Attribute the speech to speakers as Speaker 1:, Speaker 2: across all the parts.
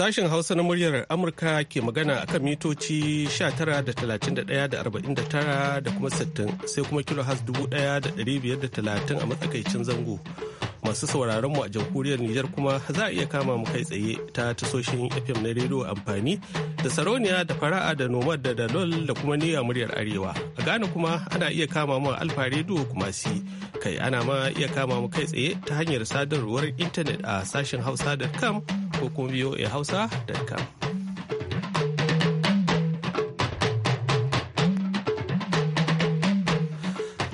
Speaker 1: Sashen Hausa na muryar Amurka ke magana a kan mitoci 19.31.49 da kuma 60 sai kuma kilo has 1,530 a matsakaicin zango. Masu sauraron mu a jamhuriyar Nijar kuma za a iya kama mu kai tsaye ta tasoshin FM na rediyo amfani da sarauniya da fara'a da nomad da dalol da kuma Niyar muryar arewa. A Ghana kuma ana iya kama mu alfa rediyo kuma si kai ana ma iya kama mu kai tsaye ta hanyar sadarwar intanet a sashen hausa.com ko kuma hausa.com.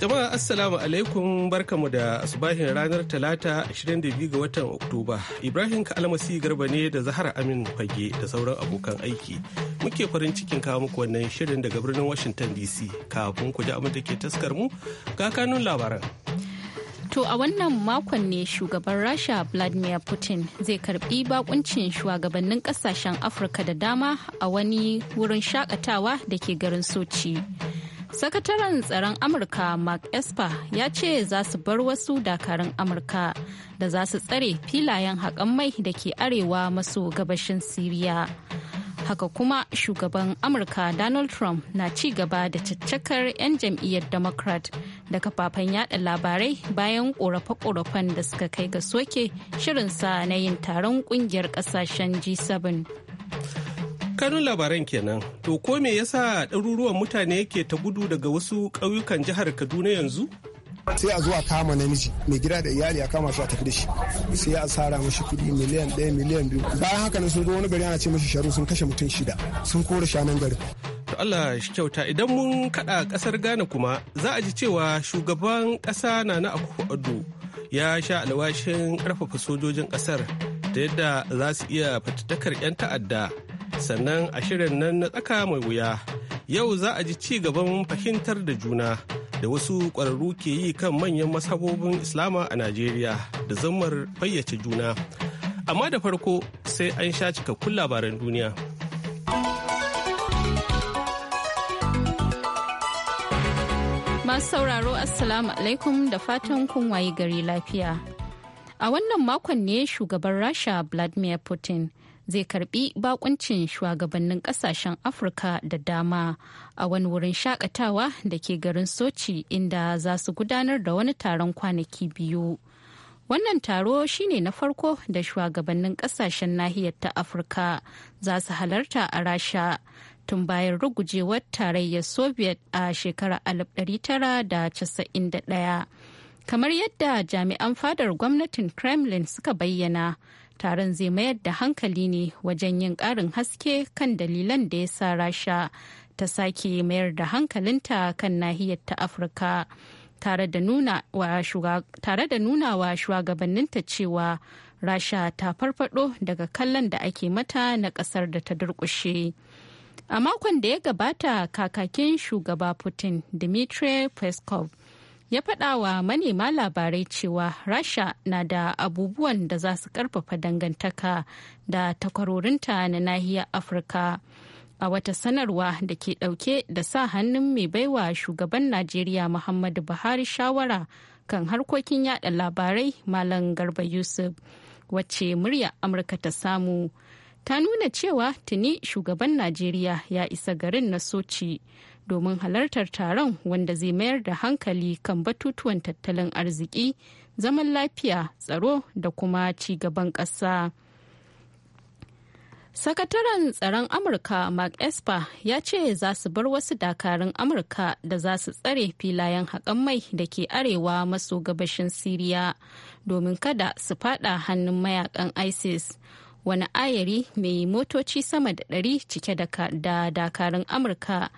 Speaker 1: Jama'a Assalamu alaikum barkamu da asubahin ranar Talata 22 ga watan Oktoba. Ibrahim Kalmasi Garba ne da Zahara Amin Fage da sauran abokan aiki. Muke farin cikin kawo muku wannan shirin daga birnin Washington DC kafin ku ji abin da taskar mu ga kanun labaran.
Speaker 2: To a wannan makon ne shugaban Rasha Vladimir Putin zai karbi bakuncin shugabannin kasashen Afirka da dama a wani wurin shakatawa da ke garin Sochi. Sakataren tsaron Amurka Mark Esper ya ce za su bar wasu dakarun Amurka da za su tsare filayen haƙan mai da ke arewa maso gabashin Siriya. haka kuma shugaban amurka donald trump na ci gaba da caccakar 'yan jam'iyyar democrat da kafafen yada labarai bayan ƙorafe korafen da suka kai ga soke shirin sa na yin taron ƙungiyar ƙasashen g7
Speaker 1: kanun labaran kenan to ko me yasa ɗaruruwan mutane ke ta gudu daga wasu ƙauyukan jihar kaduna yanzu
Speaker 3: sai a zuwa kama namiji mai gida da iyali a kama su a tafi da shi sai a tsara mashi kuɗi miliyan
Speaker 1: ɗaya miliyan biyu bayan haka nan sun zo wani gari ana ce mashi sharu sun kashe mutum shida sun kore shanun garin To Allah shi kyauta idan mun kaɗa ƙasar Ghana kuma za a ji cewa shugaban ƙasa na na Akufo Addo ya sha alwashin ƙarfafa sojojin ƙasar da yadda za su iya fatattakar 'yan ta'adda sannan a shirin nan na tsaka mai wuya yau za a ji ci gaban fahimtar da juna da wasu ƙwararru ke yi kan manyan mashabobin Islama a Najeriya da zammar fayyace juna. Amma da farko sai an sha cikakkun labaran duniya.
Speaker 2: Masu sauraro Assalamu alaikum da fatan kun wayi gari lafiya. A wannan makon ne shugaban Rasha Vladimir Putin zai karbi bakuncin shugabannin kasashen afirka da dama a wani wurin shakatawa da ke garin sochi inda za su gudanar da wani taron kwanaki biyu wannan taro shine na farko da shugabannin kasashen nahiyar ta afirka za su halarta a rasha tun bayan rugujewar tarayyar soviet a shekarar 1991 kamar yadda jami'an fadar gwamnatin kremlin suka bayyana taron zai mayar da hankali ne wajen yin ƙarin haske kan dalilan da ya sa rasha ta sake mayar da hankalinta kan nahiyar ta afirka tare da nuna wa shugabanninta cewa rasha ta farfado daga kallon da ake mata na ƙasar da ta durƙushe a makon da ya gabata kakakin shugaba putin dmitry peskov ya faɗa wa manema labarai cewa rasha na da abubuwan da za su ƙarfafa dangantaka da takwarorinta na nahiyar afirka a wata sanarwa da ke ɗauke da sa hannun mai baiwa shugaban najeriya muhammadu buhari shawara kan harkokin yada labarai malam garba yusuf wacce murya amurka ta samu ta nuna cewa tuni shugaban najeriya ya isa garin na soci domin halartar taron wanda zai mayar da hankali kan batutuwan tattalin arziki zaman lafiya tsaro da kuma ci gaban ƙasa. sakataren tsaron amurka mark esper ya ce za su bar wasu dakarun amurka da za su tsare filayen haƙan mai da ke arewa maso gabashin siriya domin kada su fada hannun mayakan isis wani ayari mai motoci sama da ɗari cike da dakarun amurka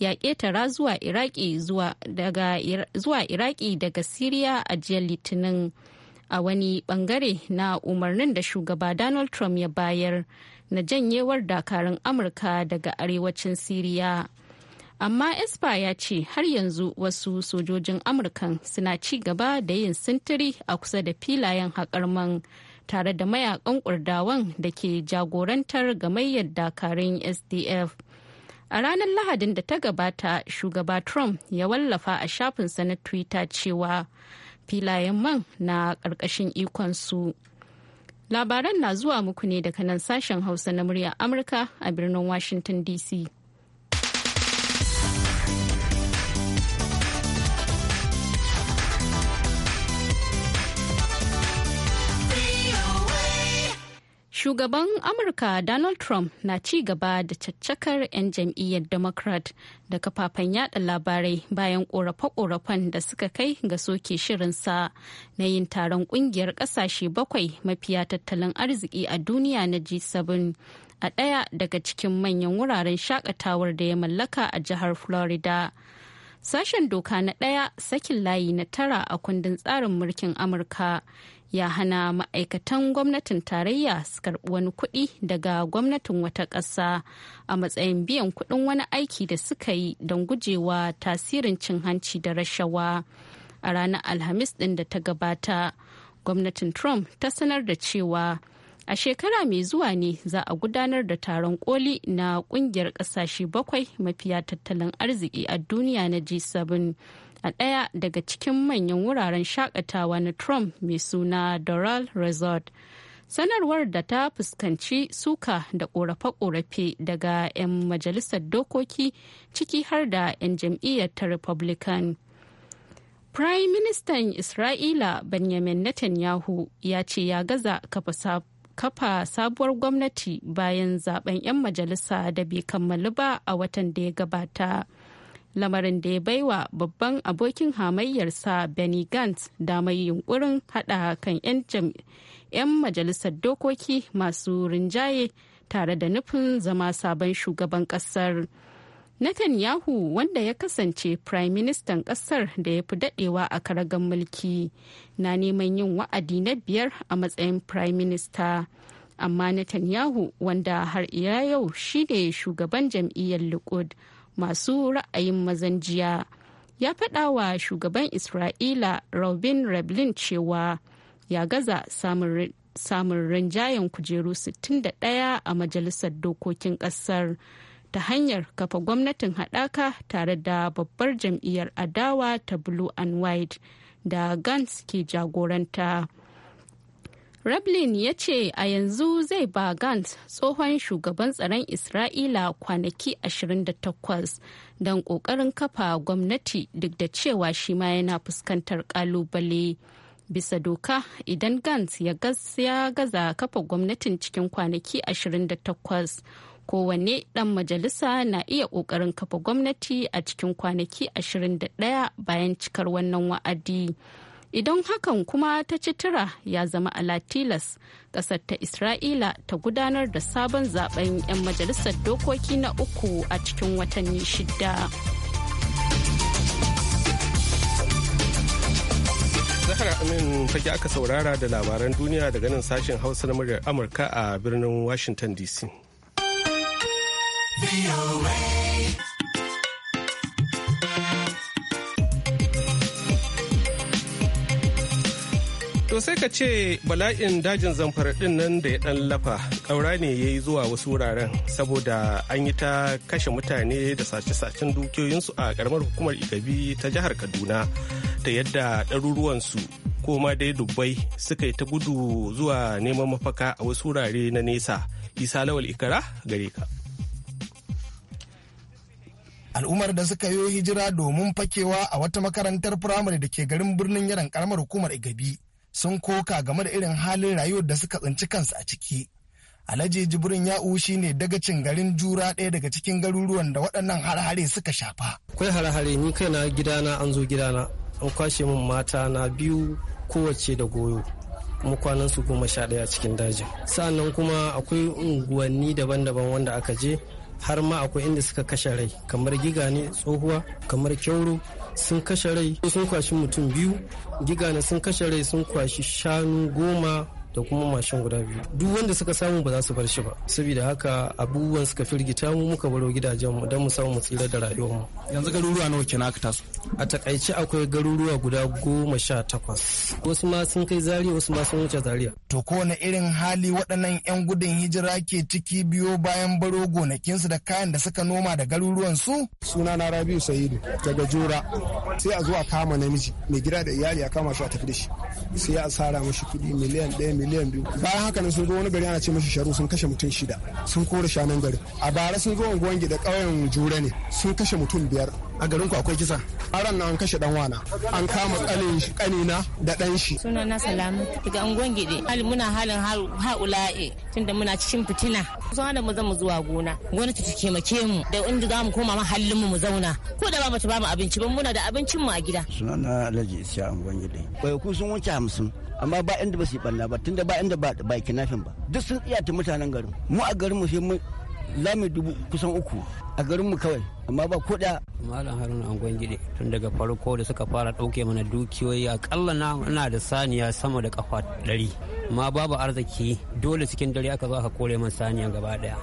Speaker 2: ya ƙetara zuwa iraki zuwa iraki daga siriya a jiya litinin a wani bangare na umarnin da shugaba donald trump ya bayar na janyewar dakarun amurka daga arewacin siriya amma espa ya ce har yanzu wasu sojojin amurkan suna ci gaba da yin sintiri a kusa da filayen haƙar man tare da mayakan kurdawan da ke jagorantar ga gamayyar dakarun sdf a ranar lahadin da ta gabata shugaba trump ya wallafa a shafinsa na twitter cewa filayen man na ƙarƙashin ikonsu labaran na zuwa muku ne daga nan sashen hausa na muryar amurka a birnin washington dc Shugaban Amurka Donald Trump na ci gaba da caccakar 'yan jam'iyyar Democrat da kafafen yada labarai bayan ƙorafe korafen da suka kai ga soke shirinsa na yin taron ƙungiyar ƙasashe bakwai mafiya tattalin arziki a duniya na G7 a ɗaya daga cikin manyan wuraren shakatawar da ya mallaka a jihar Florida. Sashen doka na ɗaya sakin layi na tara a kundin tsarin mulkin Amurka ya hana ma'aikatan gwamnatin tarayya su karɓi wani kuɗi daga gwamnatin wata ƙasa a matsayin biyan kuɗin wani aiki da suka yi don gujewa tasirin cin hanci da rashawa. A ranar Alhamis ɗin da ta gabata, gwamnatin Trump ta sanar da cewa A shekara mai zuwa ne za a gudanar da taron koli na kungiyar kasashe bakwai mafiya tattalin arziki a duniya na G7 a ɗaya daga cikin manyan wuraren shakatawa na Trump mai suna Doral Resort. Sanarwar da ta fuskanci suka da ƙorafe-ƙorafe daga 'yan majalisar dokoki ciki har da 'yan jam'iyyar ta Republican. Prime Ministan Isra'ila Benjamin Netanyahu ya ce ya gaza kafa kafa sabuwar gwamnati bayan zaben 'yan majalisa da bai kammalu ba a watan da ya gabata lamarin da ya baiwa babban abokin hamayyarsa benny gantz damar yunkurin hada kan 'yan majalisar dokoki masu rinjaye tare da nufin zama sabon shugaban kasar. Netanyahu wanda ya kasance Prime Ministan kasar da ya fi dadewa a karagan mulki na neman yin wa'adi na biyar a matsayin Prime Minister. Amma Netanyahu wanda har iya yau shi ne shugaban jam'iyyar Likud masu ra'ayin mazan jiya ya faɗa wa shugaban Isra'ila Robin Reblin cewa ya gaza samun rinjayen kujeru 61 a majalisar dokokin ƙasar. ta hanyar kafa gwamnatin haɗaka tare da babbar jam'iyyar adawa ta blue and white da gans ke jagoranta rablin ya ce a yanzu zai ba gans tsohon shugaban tsaron isra'ila kwanaki 28 don ƙoƙarin kafa gwamnati duk da cewa shi ma yana fuskantar ƙalubale. bisa doka idan gans ya gaza kafa gwamnatin cikin kwanaki 28 kowanne ɗan majalisa na iya ƙoƙarin kafa gwamnati a cikin kwanaki 21 bayan cikar wannan wa'adi. Idan hakan kuma ta ci tura ya zama a latilas ƙasar ta Isra'ila ta gudanar da sabon zaben 'yan majalisar dokoki na uku a cikin watanni shida.
Speaker 1: Zahara Amin fage aka saurara da labaran duniya daga nan sashen Hausa na muryar Amurka a birnin Washington DC. To sai ka ce bala'in dajin zamfara din nan da ya dan lafa ƙaura ne ya yi zuwa wasu wuraren saboda an yi ta kashe mutane da sace-sacen dukiyoyinsu a ƙaramar hukumar Igabi ta jihar Kaduna ta yadda ɗaruruwansu ko ma dai dubbai suka yi ta gudu zuwa neman mafaka a wasu wurare na nesa. Isa Lawal Ikara gare ka.
Speaker 4: al'ummar da suka yi hijira domin fakewa a wata makarantar firamare da ke garin birnin yaran karamar hukumar igabi sun koka game da irin halin rayuwar da suka tsinci kansu a ciki alhaji jibrin ya'u ne dagacin garin jura ɗaya daga cikin garuruwan da waɗannan
Speaker 5: harhare suka shafa
Speaker 1: akwai har-hare ni kaina gidana an zo gidana an kwashe min mata na biyu kowace da goyo kuma kwanan su goma sha ɗaya cikin dajin sa'annan kuma akwai unguwanni daban-daban wanda aka je har ma akwai inda suka kashe rai kamar giga tsohuwa kamar kyauro sun kashe rai sun kwashi mutum biyu gigane sun kashe rai sun kwashi shanu goma da kuma mashin guda biyu duk wanda suka samu ba za su bar shi ba saboda haka abubuwan suka firgita mu muka baro gidajen mu don mu samu mu tsira da rayuwar mu yanzu garuruwa nawa kina aka taso a takaice akwai garuruwa guda goma sha takwas wasu ma sun kai zariya wasu ma sun wuce zariya
Speaker 4: to kowane irin hali waɗannan 'yan gudun hijira ke ciki biyo bayan baro gonakinsu da kayan da suka noma da garuruwan su suna na rabiu sa'idu daga jura sai a zo a kama namiji mai gida da iyali a
Speaker 3: kama shi a tafi da shi sai a tsara mashi kuɗi miliyan ɗaya miliyan biyu bayan haka nan sun zo wani gari ana ce mashi sharu sun kashe mutum shida sun kore shanun gari a bara sun zo unguwan gida ƙauyen jure ne sun kashe mutum biyar a garin ku akwai kisa a ran an kashe dan wana
Speaker 2: an
Speaker 6: kama shi
Speaker 2: kanina da dan shi suna na salamu daga angon gide hali muna halin haula'i tunda muna cikin fitina zuwa da mu zama zuwa gona gona ta make mu da inda za mu koma mahallin mu mu zauna ko da ba mu ba mu abinci ba muna da abincin mu a gida
Speaker 4: suna na alaji isya angon gide bai ku sun wuce hamsin amma ba inda ba su yi banna ba tunda ba inda ba ba kinafin ba duk sun ta mutanen garin mu a garin mu sai mu lamu dubu kusan uku a garin mu kawai amma ba kuɗa.
Speaker 1: malam haruna an gwangide tun daga farko da suka fara ɗauke mana dukiyoyi akalla na ina da saniya sama da kafa ɗari ma babu arziki dole cikin dare aka zo aka kore man saniya gaba ɗaya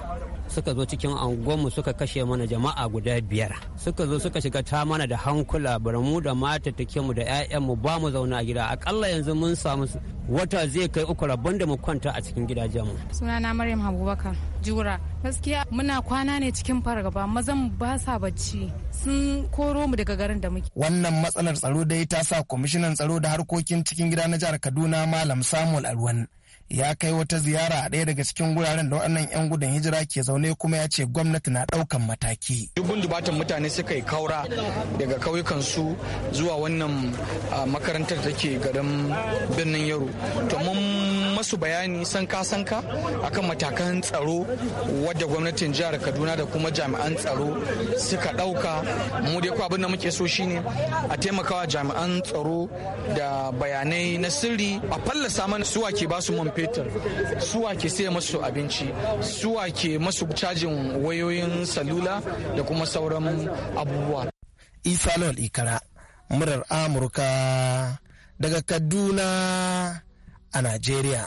Speaker 1: suka zo cikin angonmu suka kashe mana jama'a guda biyar suka zo suka shiga ta mana da hankula mu da mata mu da ƴaƴanmu ba mu zauna a gida akalla yanzu mun samu wata zai kai uku rabon da mu kwanta a cikin gidajenmu
Speaker 2: sunana maryam abubakar jura gaskiya muna kwana ne cikin fargaba mazan ba sa bacci sun koro mu daga garin da muke
Speaker 4: wannan matsalar tsaro dai ta sa kwamishinan tsaro da harkokin cikin gida na jihar kaduna malam samuel alwan ya kai wata ziyara a ɗaya daga cikin wuraren da waɗannan 'yan gudun hijira ke zaune kuma ya ce gwamnati na ɗaukan mataki.
Speaker 1: Dubun dubatan mutane suka yi kaura daga ƙauyukansu zuwa wannan ah, makarantar take garin birnin Yaro. To mun masu bayani sanka sanka akan matakan tsaro wadda gwamnatin jihar kaduna da kuma jami'an tsaro suka ɗauka mu dai abin da muke so shine a taimakawa jami'an tsaro da bayanai na sirri a fallasa mana suwa ke basu man fetur suwa ke sai masu abinci suwa ke masu cajin wayoyin salula da kuma sauran
Speaker 4: abubuwa isa ikara murar amurka daga kaduna a Najeriya.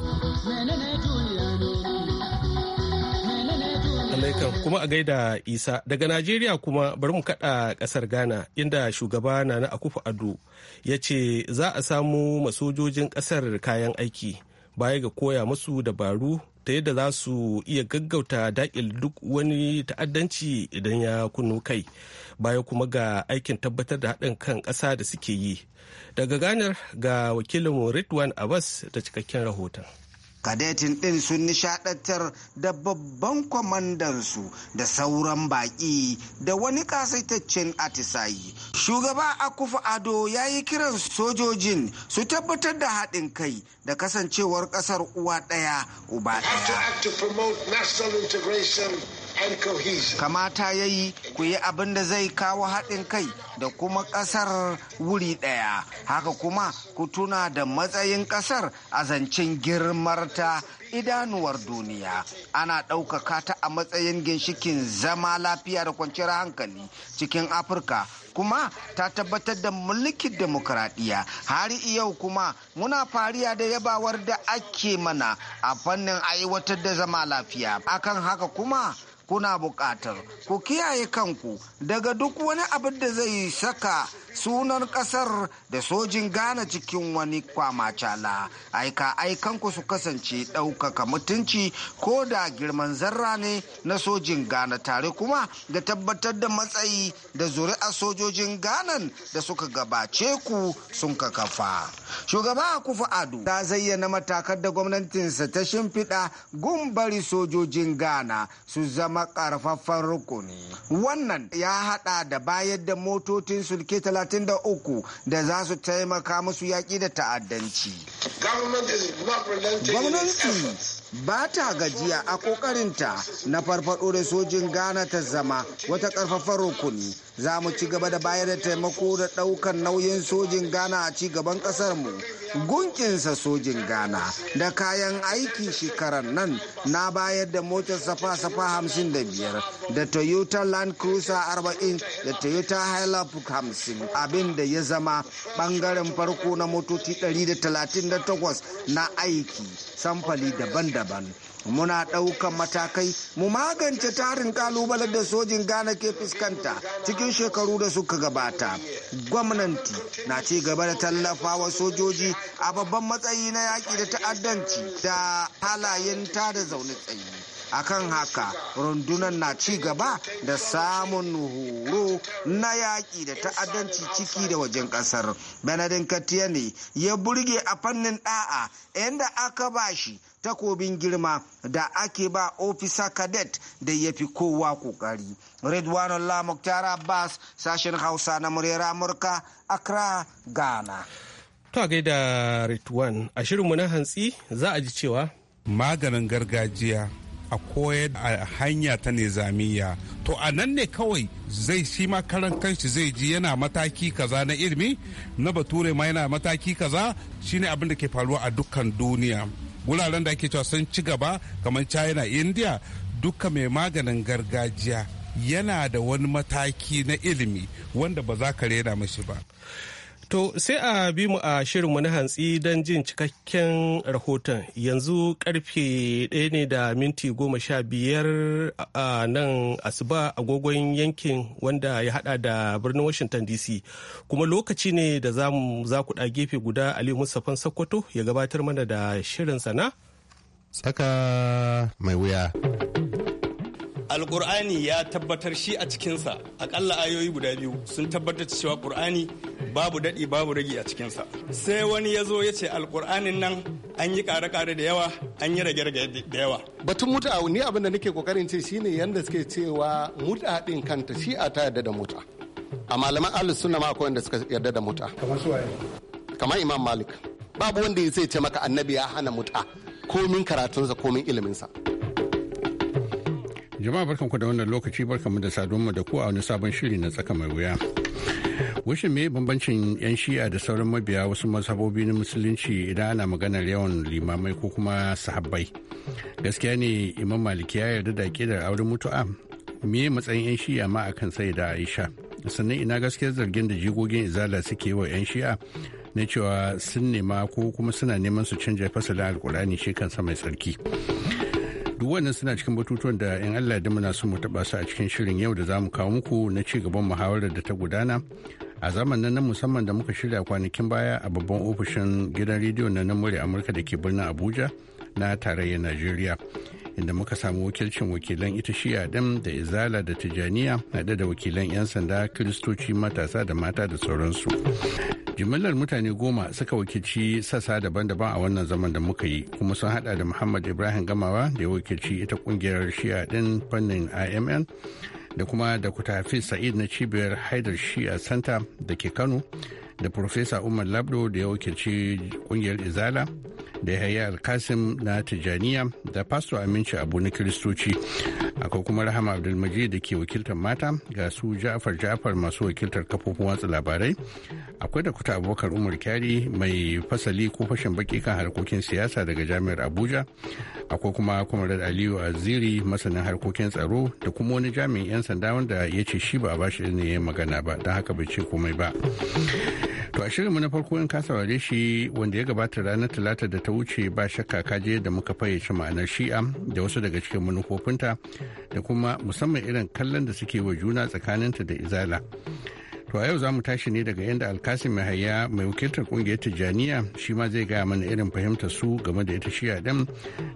Speaker 2: alaikan
Speaker 1: kuma a gaida isa daga najeriya kuma bari mu kada kasar ghana inda shugaba nana akufu ado ya ce za a samu masojojin kasar kayan aiki baya ga koya musu dabaru ta yadda za su iya gaggauta daƙil duk wani ta'addanci idan ya kunu kai baya kuma ga aikin tabbatar da haɗin kan ƙasa da suke yi daga ganar
Speaker 4: ga wakilin ridwan abbas da cikakken rahoton kadetin ɗin sun nishaɗantar da babban kwamandansu da sauran baƙi da wani ƙasaitaccen atisayi shugaba akufa ado ya yi kiran sojojin su tabbatar da haɗin kai da kasancewar ƙasar uwa ɗaya uba ɗaya Kamata ya yi ku yi abin da zai kawo haɗin kai da kuma ƙasar wuri ɗaya. Haka kuma ku tuna da matsayin ƙasar a zancen girmarta idanuwar duniya. Ana ɗaukaka ta a matsayin ginshikin zama lafiya da kwanciyar hankali cikin Afirka kuma ta tabbatar da mulkin demokuraɗiyya har yau kuma muna fariya da yabawar da ake mana a fannin aiwatar da zama lafiya akan haka kuma kuna buƙatar ku kiyaye kanku daga duk wani abin da zai saka sunan ƙasar da sojin Gana cikin wani kwamacala. Aika aikanku su kasance ɗaukaka mutunci ko da girman zarra ne na sojin Ghana tare kuma da tabbatar da matsayi da zuri'a sojojin Ganan da suka gabace ku sun ka kafa. Shugaba kufa Ado ta zayyana matakar da gwamnatinsa ta shimfiɗa gumbari sojojin Gana su zama zama rukuni wannan ya hada da bayar da motocin sulke 33 da za su taimaka musu yaƙi da ta'addanci
Speaker 6: gwamnati
Speaker 4: ba ta gajiya a ƙoƙarinta na farfaɗo da sojin ghana ta zama wata ƙarfafar rukuni za mu ci gaba da bayar da taimako da ɗaukan nauyin sojin ghana a ci gaban ƙasarmu gunkinsa sojin ghana da kayan aiki shekaran nan na bayar da motar safa-safa hamsin da biyar da toyota land cruiser arba'in da toyota hilux hamsin abin da ya zama bangaren farko na motoci 138 na aiki samfali daban-daban muna ɗaukan matakai mu magance tarin kalubalen da sojin ghana ke fuskanta cikin shekaru da suka gabata gwamnati na ci gaba da tallafawa sojoji a babban matsayi na yaƙi da ta'addanci da halayen tada zaune tsaye akan haka rundunar na ci gaba da samun horo na yaƙi da ta'addanci ciki da wajen ƙasar benedin katiya ne ya burge a fannin ɗa'a inda aka ba shi takobin girma da ake ba ofisa cadet da ya fi kowa kokari redwanullah muktar abbas sashen hausa na Murera amurka accra ghana
Speaker 1: to gaida ritwan a shirinmu na hantsi za a ji cewa maganin gargajiya a koyar a hanya ta nizamiya to a nan ne kawai zai shi
Speaker 6: ma karan kanshi zai ji yana mataki kaza na ilimi na bature ma yana mataki kaza shine abin da ke faruwa a dukkan duniya wuraren da ake cewa sun ci gaba kamar china
Speaker 1: india duka mai maganin gargajiya yana da wani mataki na ilimi wanda ba za ka rena mashi ba To sai a bi mu a shirinmu na hantsi don jin cikakken rahoton yanzu karfe ɗaya ne da minti goma sha biyar a nan asuba agogon yankin wanda ya hada da birnin Washington DC kuma lokaci ne da za mu zakuɗa gefe guda Ali Mustapha Sokoto ya gabatar mana da shirin sana. Saka mai wuya.
Speaker 5: alkur'ani ya tabbatar shi a cikinsa akalla ayoyi guda biyu sun tabbatar cewa ƙur'ani babu daɗi babu ragi a cikinsa sai wani ya zo ya ce alkur'anin nan an yi kare-kare da yawa an yi rage-rage da yawa batun
Speaker 3: muta ni abin da nake kokarin ce shine yanda suke cewa muta din kanta shi a ta yarda da muta a malaman ahlus sunna ma akwai wanda suka yarda da muta kamar su kamar imam malik babu wanda ya ce maka annabi ya hana muta komin karatunsa komin iliminsa
Speaker 7: Jama'a barkanku da wannan lokaci barkanmu da mu da ku a wani sabon shiri na tsaka mai wuya. Wishin me bambancin 'yan shi'a da sauran mabiya wasu mazhabobi na musulunci idan ana maganar yawan limamai ko kuma sahabbai. Gaskiya ne Imam Maliki ya yarda da kidar auren mutu'a. Me matsayin 'yan shi'a ma akan sai da Aisha? Sannan ina gaskiyar zargin da jigogin izala suke wa 'yan shi'a na cewa sun nema ko kuma suna neman su canja fasalin alkur'ani shi kansa mai tsarki. duk wannan suna cikin batutuwan da in allah da muna son mu taɓa su a cikin shirin yau da za kawo muku na ci gaban muhawarar da ta gudana a zamanin na musamman da muka shirya kwanakin baya a babban ofishin gidan rediyo na nan amurka da ke birnin abuja na tarayyar najeriya inda muka samu wakilcin wakilan ita shiya dan da izala da tijaniya haɗe da wakilan 'yan sanda kiristoci matasa da mata da sauransu jimillar mutane goma suka wakilci sassa daban-daban a wannan zaman da muka yi kuma sun hada da muhammad ibrahim gamawa da ya wakilci ita kungiyar shi'a din fannin imn da kuma da kuta hafiz sa'id na cibiyar haidar shi'a santa da ke kano da Profesa Umar Labdo da ya wakilci kungiyar Izala da Yahaya Alkasim na Tijaniya da Pasto Aminci Abu na Kiristoci. Akwai kuma Rahama Abdulmaji da ke wakiltar mata ga su Ja'far Ja'far masu wakiltar kafofin watsa labarai. Akwai da kuta abokar Umar Kyari mai fasali ko fashin baki kan harkokin siyasa daga Jami'ar Abuja. Akwai kuma Kwamarar Aliyu Aziri masanin harkokin tsaro da kuma wani jami'in 'yan sanda wanda ya ce shi ba a bashi ne magana ba don haka bai ce komai ba. To a shirin na farko in ka saurare shi wanda ya gabata ranar talata da ta wuce ba shakka kaje da muka fayyace ma'anar shi'a da wasu daga cikin manufofinta da kuma musamman irin kallon da suke wa juna tsakaninta da izala. To a yau za mu tashi ne daga yadda alkasi mai haya mai wakiltar kungiyar Tijjaniya shi ma zai gaya mana irin fahimtar su game da ita shi'a ɗin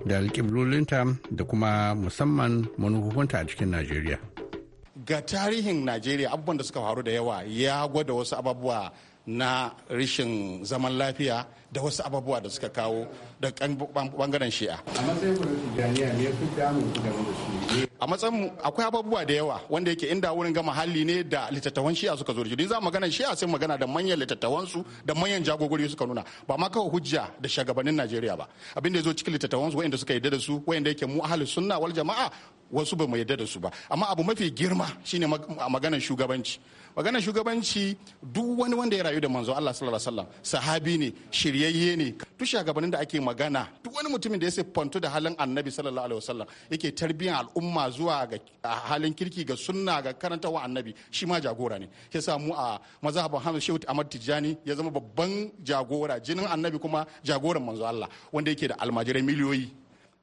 Speaker 7: da alƙiblolinta da kuma musamman manufofinta a cikin Najeriya.
Speaker 6: Ga tarihin Najeriya abubuwan da suka faru da yawa ya gwada wasu abubuwa. na rishin zaman lafiya da wasu ababuwa da suka kawo da bangaren shi'a.
Speaker 7: A matsayin
Speaker 6: A matsayin akwai ababuwa da yawa wanda yake inda wurin ga mahalli ne da littattafan shi'a suka zo da shi. za magana shi'a sai magana da manyan littattafan su da manyan jagogori suka nuna ba ma kawai hujja da shagabannin Najeriya ba. Abin da ya zo cikin littattafan su wanda suka yarda da su wanda yake mu ahlus sunna wal jama'a wasu ba mu yarda da su ba. Amma abu mafi girma shine maganar shugabanci. magana shugabanci duk wani wanda ya rayu da manzo Allah sallallahu alaihi wasallam sahabi ne shiryayye ne duk shugabannin da ake magana duk wani mutumin da ya siffantu da halin annabi sallallahu alaihi wasallam yake tarbiyyar al'umma zuwa ga halin kirki ga sunna ga wa annabi shi ma jagora ne ya samu a mazhabin Hamad Shehu Ahmad Tijani ya zama babban jagora jinin annabi kuma jagoran manzo Allah wanda yake da almajirai miliyoyi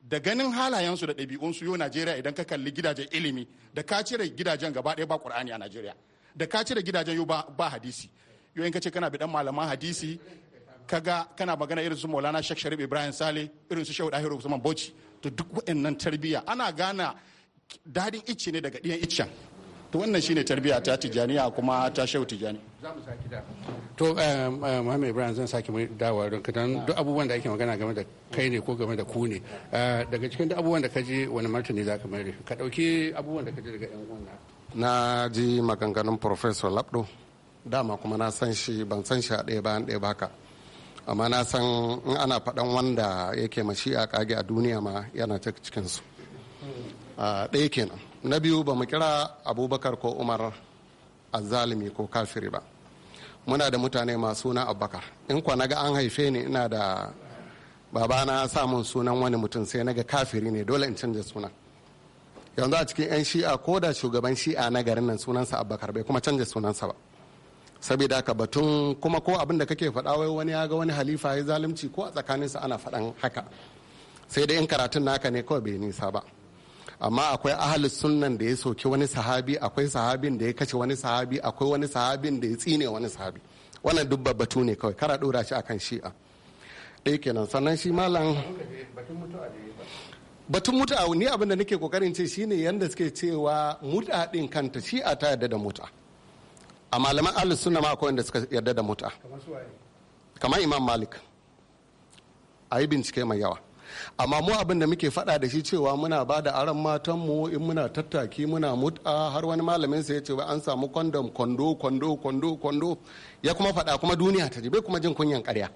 Speaker 6: da ganin halayensu da ɗabi'unsu yau Najeriya idan ka kalli gidajen ilimi da ka cire gidajen gaba ɗaya ba Ƙur'ani a Najeriya da ka cire gidajen yau ba hadisi yau in ka ce kana bidan malaman hadisi kaga kana magana irin su Maulana shek Sharif Ibrahim Sale irin su Shehu Dahiru Usman Bauchi to duk waɗannan tarbiyya ana gana dadin icce ne daga ɗiyan iccen to wannan shine tarbiyya ta tijaniya kuma ta shehu tijani
Speaker 7: to um, uh, muhammad ibrahim zan sake mai dawa don kadan duk abubuwan da ake magana game da kai ne ko game da ku ne uh, daga cikin duk abubuwan da ka je wani martani za ka mai ka dauki abubuwan da ka je daga yan uwan na ji maganganun
Speaker 3: professor labdo dama kuma na san shi ban san shi a ɗaya bayan ɗaya baka amma na san in ana faɗan wanda yake mashi a kage a duniya ma yana ta cikinsu ɗaya kenan na biyu ba mu kira abubakar ko umar azalimi ko kafiri ba muna da mutane masu suna abubakar in kwa naga an haife ni ina da babana samun sunan wani mutum sai naga kafiri ne dole in canja sunan yanzu a cikin 'yan shi'a ko da shugaban shi'a na garin nan sunansa abubakar bai kuma canza sunansa ba saboda haka batun kuma ko abin da kake faɗa wai wani ya ga wani halifa ya zalunci ko a tsakaninsu ana faɗan haka sai dai in karatun naka ne kawai bai nisa ba amma akwai ahalus sunnan da ya soki wani sahabi akwai sahabin da ya kashe wani sahabi akwai wani sahabin da ya tsine wani sahabi wannan duk batu ne kawai kara dora shi akan shi'a ɗaya kenan sannan shi malam batun muta ni abin da nake kokarin ce shine yanda suke cewa muta din kanta shi a ta yarda da muta a malaman alis suna ma akwai wanda suka yarda da muta kamar imam malik a yi bincike mai yawa amma mu abin muke faɗa da shi cewa muna ba da aron matanmu in muna tattaki muna mut'a har wani malamin sa ya ce an samu kwandom kwando kwando kwando ya kuma faɗa kuma duniya ta ji bai kuma jin kunyan karya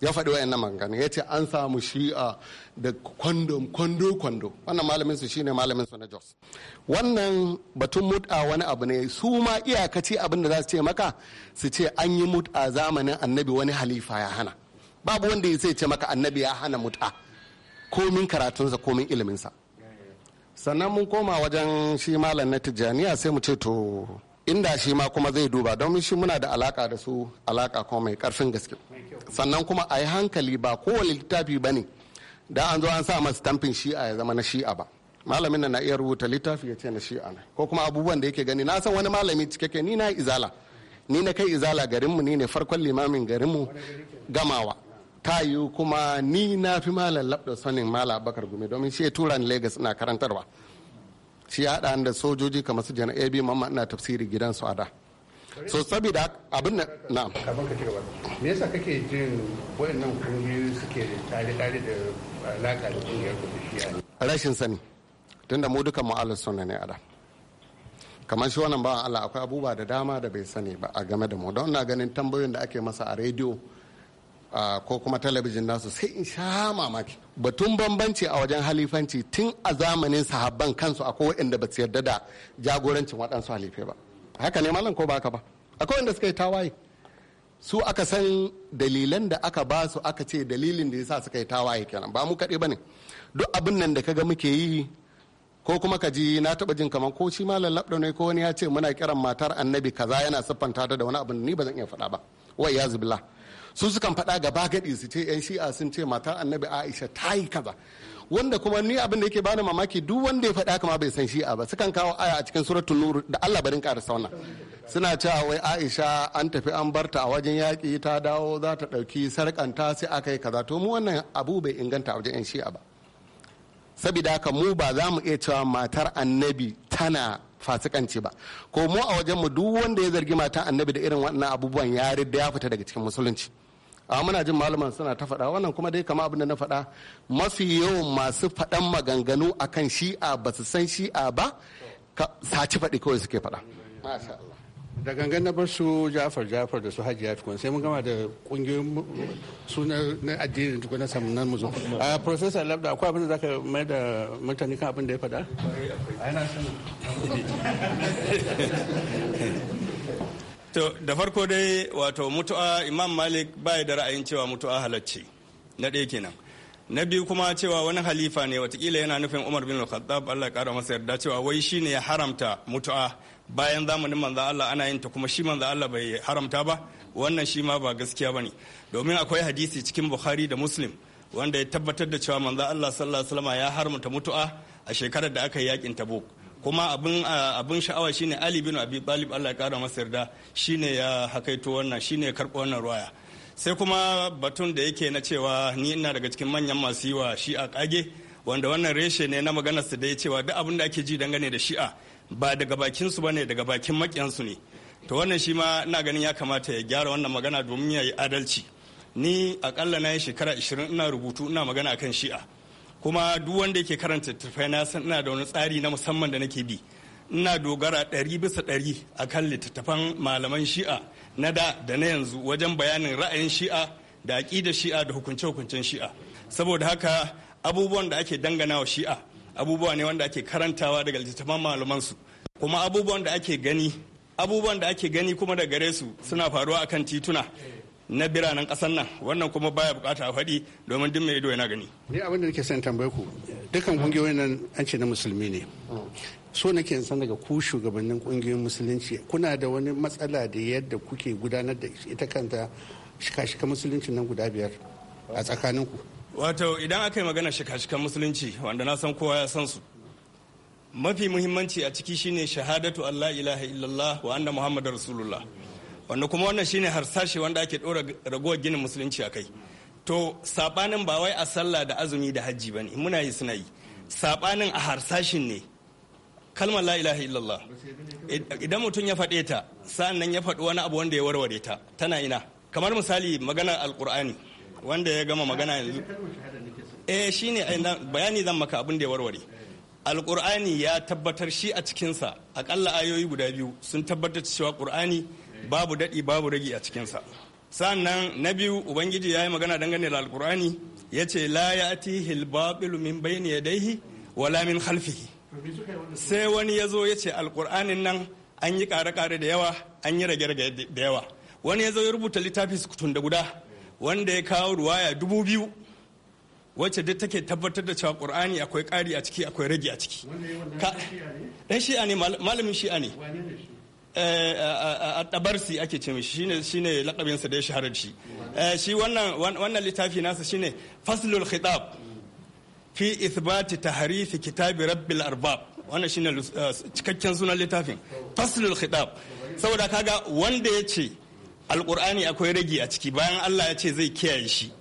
Speaker 3: ya faɗi wa nan magana ya ce an samu shi'a da kwando kwando kwando wannan malamin su shine malamin su na jos wannan batun mut'a wani abu ne su ma iyakaci abin da za su ce maka su ce an yi mut'a zamanin annabi wani halifa ya hana babu wanda ya sai ce maka annabi ya hana mut'a komin karatunsa komin iliminsa sannan mun koma wajen shi malam na tijjaniya sai mu ce to inda shi ma kuma zai duba don shi muna da alaka da su alaka kuma mai karfin gaske sannan kuma a yi hankali ba kowane littafi ba ne da an zo an sa masa tamfin shi'a ya zama na shi'a ba malamin na na iya rubuta littafi ya ce na shi'a ne ko kuma abubuwan da yake gani na san wani malami cikakke ni na izala ni na kai izala garinmu ni ne farkon limamin garinmu gamawa ta yiwu kuma ni na fi malam labda sanin malam abakar gumi domin shi ya tura ni Legas na karantarwa shi ya haɗa da sojoji kamar su jana biyu mamma ina tafsiri gidansu a da so saboda abin na na ka me yasa kake jin
Speaker 7: wayannan kungiyoyi suke tare tare da alaka da kungiyar kudi
Speaker 3: rashin sani tunda mu dukan mu'alar sunna ne a da kamar shi wannan ba Allah akwai abubuwa da dama da bai sani ba a game da mu don na ganin tambayoyin da ake masa a rediyo ko kuma talabijin nasu sai in sha mamaki batun bambanci a wajen halifanci tun a zamanin sahabban kansu akwai waɗanda ba su yarda da jagorancin waɗansu halifai ba haka ne malam ko ba haka ba akwai wanda suka yi tawaye su aka san dalilan da aka ba su aka ce dalilin da yasa suka yi tawaye kenan ba mu kaɗai ba ne duk abin nan da ga muke yi ko kuma ka ji na taɓa jin kamar ko shi malam labda ne ko wani ya ce muna kiran matar annabi kaza yana siffanta ta da wani abin ni ba zan iya faɗa ba wai ya zubila su sukan faɗa gaba gadi su ce yan shi'a sun ce matar annabi aisha ta yi kaza wanda kuma ni abin da yake bani mamaki duk wanda ya faɗa kama bai san shi'a ba sukan kawo aya a cikin suratul nur da Allah barin ƙara sauna suna cewa wai Aisha an tafi an barta a wajen yaƙi ta dawo za ta ɗauki sarƙanta sai aka yi kaza to mu wannan abu bai inganta a wajen yan shi'a ba saboda haka mu ba za mu iya cewa matar annabi tana fasikanci ba ko mu a wajen mu duk wanda ya zargi matar annabi da irin wannan abubuwan ya da ya fita daga cikin musulunci a muna jin malaman suna ta faɗa wannan kuma dai kama abin da na faɗa mafi yawan masu faɗan maganganu akan shi'a ba su san shi'a ba saci faɗi kawai suke faɗa
Speaker 7: da gangan na bar su jafar jafar da su hajji ya fikon sai mun gama da kungiyoyin sunan na addini da na samunan mu zo a professor labda akwai abin da zaka mai da mutane kan abin da ya faɗa
Speaker 5: To da farko dai wato mutu'a Imam Malik bai da ra'ayin cewa mutu'a halacci na ɗaya kenan. Na biyu kuma cewa wani halifa ne watakila yana nufin Umar bin Khattab Allah ƙara masa yarda cewa wai shi ne ya haramta mutu'a bayan zamanin manza Allah ana yin ta kuma shi manzo Allah bai haramta ba wannan shi ma ba gaskiya ba ne domin akwai hadisi cikin Bukhari da Muslim wanda ya tabbatar da cewa manza Allah sallallahu alaihi wasallam ya haramta mutu'a a shekarar da aka yi yakin Tabuk kuma abin sha'awa shine Ali bin Abi Talib Allah ya kara masa yarda shine ya hakaito wannan shine ya karbo wannan ruwaya sai kuma batun da yake na cewa ni ina daga cikin manyan masu yi wa shi'a kage wanda wannan reshe ne na maganar su da ya cewa duk abin da ake ji dangane da shi'a ba daga bakin su bane daga bakin su ne to wannan shi ma ina ganin ya kamata ya gyara wannan magana domin ya yi adalci ni akalla na yi shekara 20 ina rubutu ina magana akan shi'a kuma duk wanda yake karanta littattafai na san ina da wani tsari na musamman da nake bi ina dogara ɗari bisa ɗari a kan littattafan malaman shi'a na da da na yanzu wajen bayanin ra'ayin shi'a da aƙidar shi'a da hukunce-hukuncen shi'a saboda haka abubuwan da ake dangana wa shi'a abubuwa ne wanda ake karantawa daga littattafan su kuma abubuwan da ake gani abubuwan da ake gani kuma da gare su suna faruwa akan tituna na biranen ƙasar nan wannan kuma baya bukata a faɗi domin duk mai ido yana gani
Speaker 7: ni abin da nake son tambaye ku dukkan kungiyoyin nan an ce na musulmi ne so nake in san daga ku shugabannin kungiyoyin musulunci kuna da wani matsala da yadda kuke gudanar da ita kanta shika-shika musulunci nan guda biyar a tsakaninku
Speaker 5: wato idan aka yi magana shika-shikan musulunci wanda na san kowa ya san su mafi muhimmanci a ciki shine shahadatu allah ilaha illallah wa anna muhammadar rasulullah wanda kuma wannan shine harsashe wanda ake ɗora ragowar ginin musulunci a kai to saɓanin ba wai a sallah da azumi da hajji ba ne muna yi suna yi saɓanin a harsashin ne kalmar la ilaha illallah idan mutum ya faɗe ta sa'an nan ya faɗi wani abu wanda ya warware ta tana ina kamar misali maganar alkur'ani wanda ya gama magana yanzu eh shine eh, bayani zan maka abin da ya warware alkur'ani ya tabbatar shi a cikinsa akalla ayoyi guda biyu sun tabbatar cewa qur'ani babu daɗi babu ragi a cikinsa sannan na biyu ubangiji ya yi magana dangane da alkur'ani ya ce la ya ati hilbabilu min ya daihi wala min khalfihi sai wani ya zo ya ce alkur'anin nan an yi kare-kare da yawa an yi rage-rage da yawa wani ya zo ya rubuta littafi kutun da guda wanda ya kawo ruwaya dubu biyu wacce duk take tabbatar da cewa qur'ani akwai kari a ciki akwai rage a ciki dan shi'a ne malamin shi'a ne Eh, a ɗabarsi ake ce mishi shine lakabinsa da ya shahara shi eh, shi wannan littafi nasa shine faslul khitab fi ithbati tahrifi kitabi rabbil arbab wannan shine eh, cikakken sunan littafin faslul khitab saboda kaga wanda ya ce al'ƙur'ani akwai ragi a ciki bayan Allah ya ce zai kiyaye shi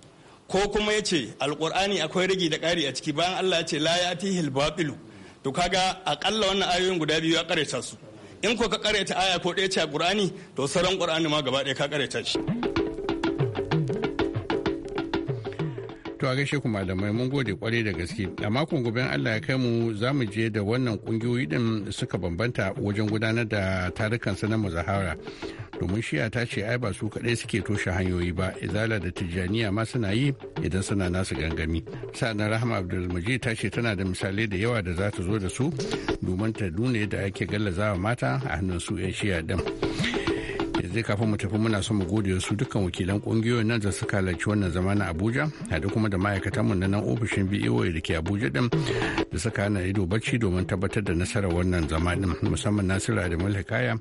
Speaker 5: ko kuma ya ce alkur'ani akwai ragi da ƙari a ciki bayan Allah ya ce la yatihil babilu to kaga akalla wannan ayoyin guda biyu ya karanta su in ko ka karyata aya ko ɗaya ce a qur'ani to sauran qur'ani ma gaba ɗaya ka karyata shi
Speaker 7: To a gaishe ku malamai mun gode kwarai da gaske. A makon gobe Allah ya kai mu za mu je da wannan kungiyoyi din suka bambanta wajen gudanar da tarukan na muzahara. domin shiya ta ce ai ba su kaɗai suke toshe hanyoyi ba izala da tijjaniya ma suna yi idan suna nasu gangami sa'an rahama abdulmaji ta ce tana da misalai da yawa da za ta zo da su domin ta nuna yadda ake gallazawa mata a hannun su 'yan shiya din zai kafin mu tafi muna son mu gode su dukkan wakilan kungiyoyin nan da suka halarci wannan zama na abuja haɗe kuma da ma'aikatan mu na nan ofishin boa e da ke abuja din da suka hana ido bacci domin tabbatar da nasarar wannan zama din musamman nasiru adamu hikaya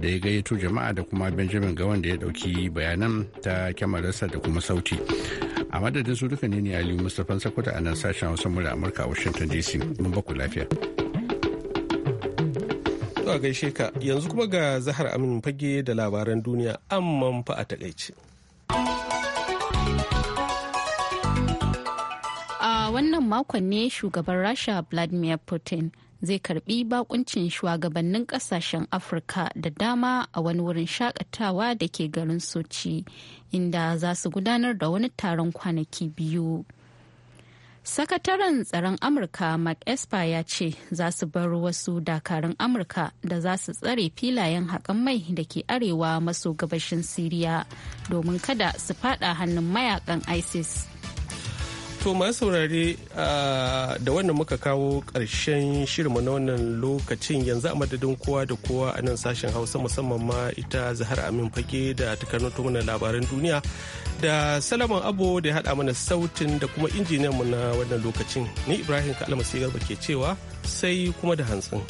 Speaker 7: da ya gayyato jama'a da kuma benjamin gawan da ya ɗauki bayanan ta kyamararsa da kuma sauti a madadin su duka ne ne aliyu mustapha sakwata a nan sashen hausa murar amurka a washington dc mun baku
Speaker 1: lafiya. To a gaishe ka yanzu kuma ga Zahar Amin fage da labaran duniya amman fa a takaice.
Speaker 2: A wannan makon ne shugaban Rasha Vladimir Putin zai karbi bakuncin shugabannin kasashen afirka da dama a wani wurin shakatawa da ke garin sochi inda za su gudanar da wani taron kwanaki biyu. Sakataren tsaron Amurka Mark Esper ya ce za su bar wasu dakarun Amurka da za su tsare filayen haƙan mai da ke arewa maso gabashin Siriya domin kada su fada hannun mayakan ISIS.
Speaker 1: To masu saurari da wannan muka kawo ƙarshen mu na wannan lokacin yanzu a madadin kowa da kowa a nan sashen Hausa musamman ma ita Zahar Amin Fage da takarnato mana labaran duniya da Salaman Abo da ya haɗa mana sautin da kuma injiniyan mu na wannan lokacin. Ni Ibrahim Kalmasi Garba ke cewa sai kuma da hantsin.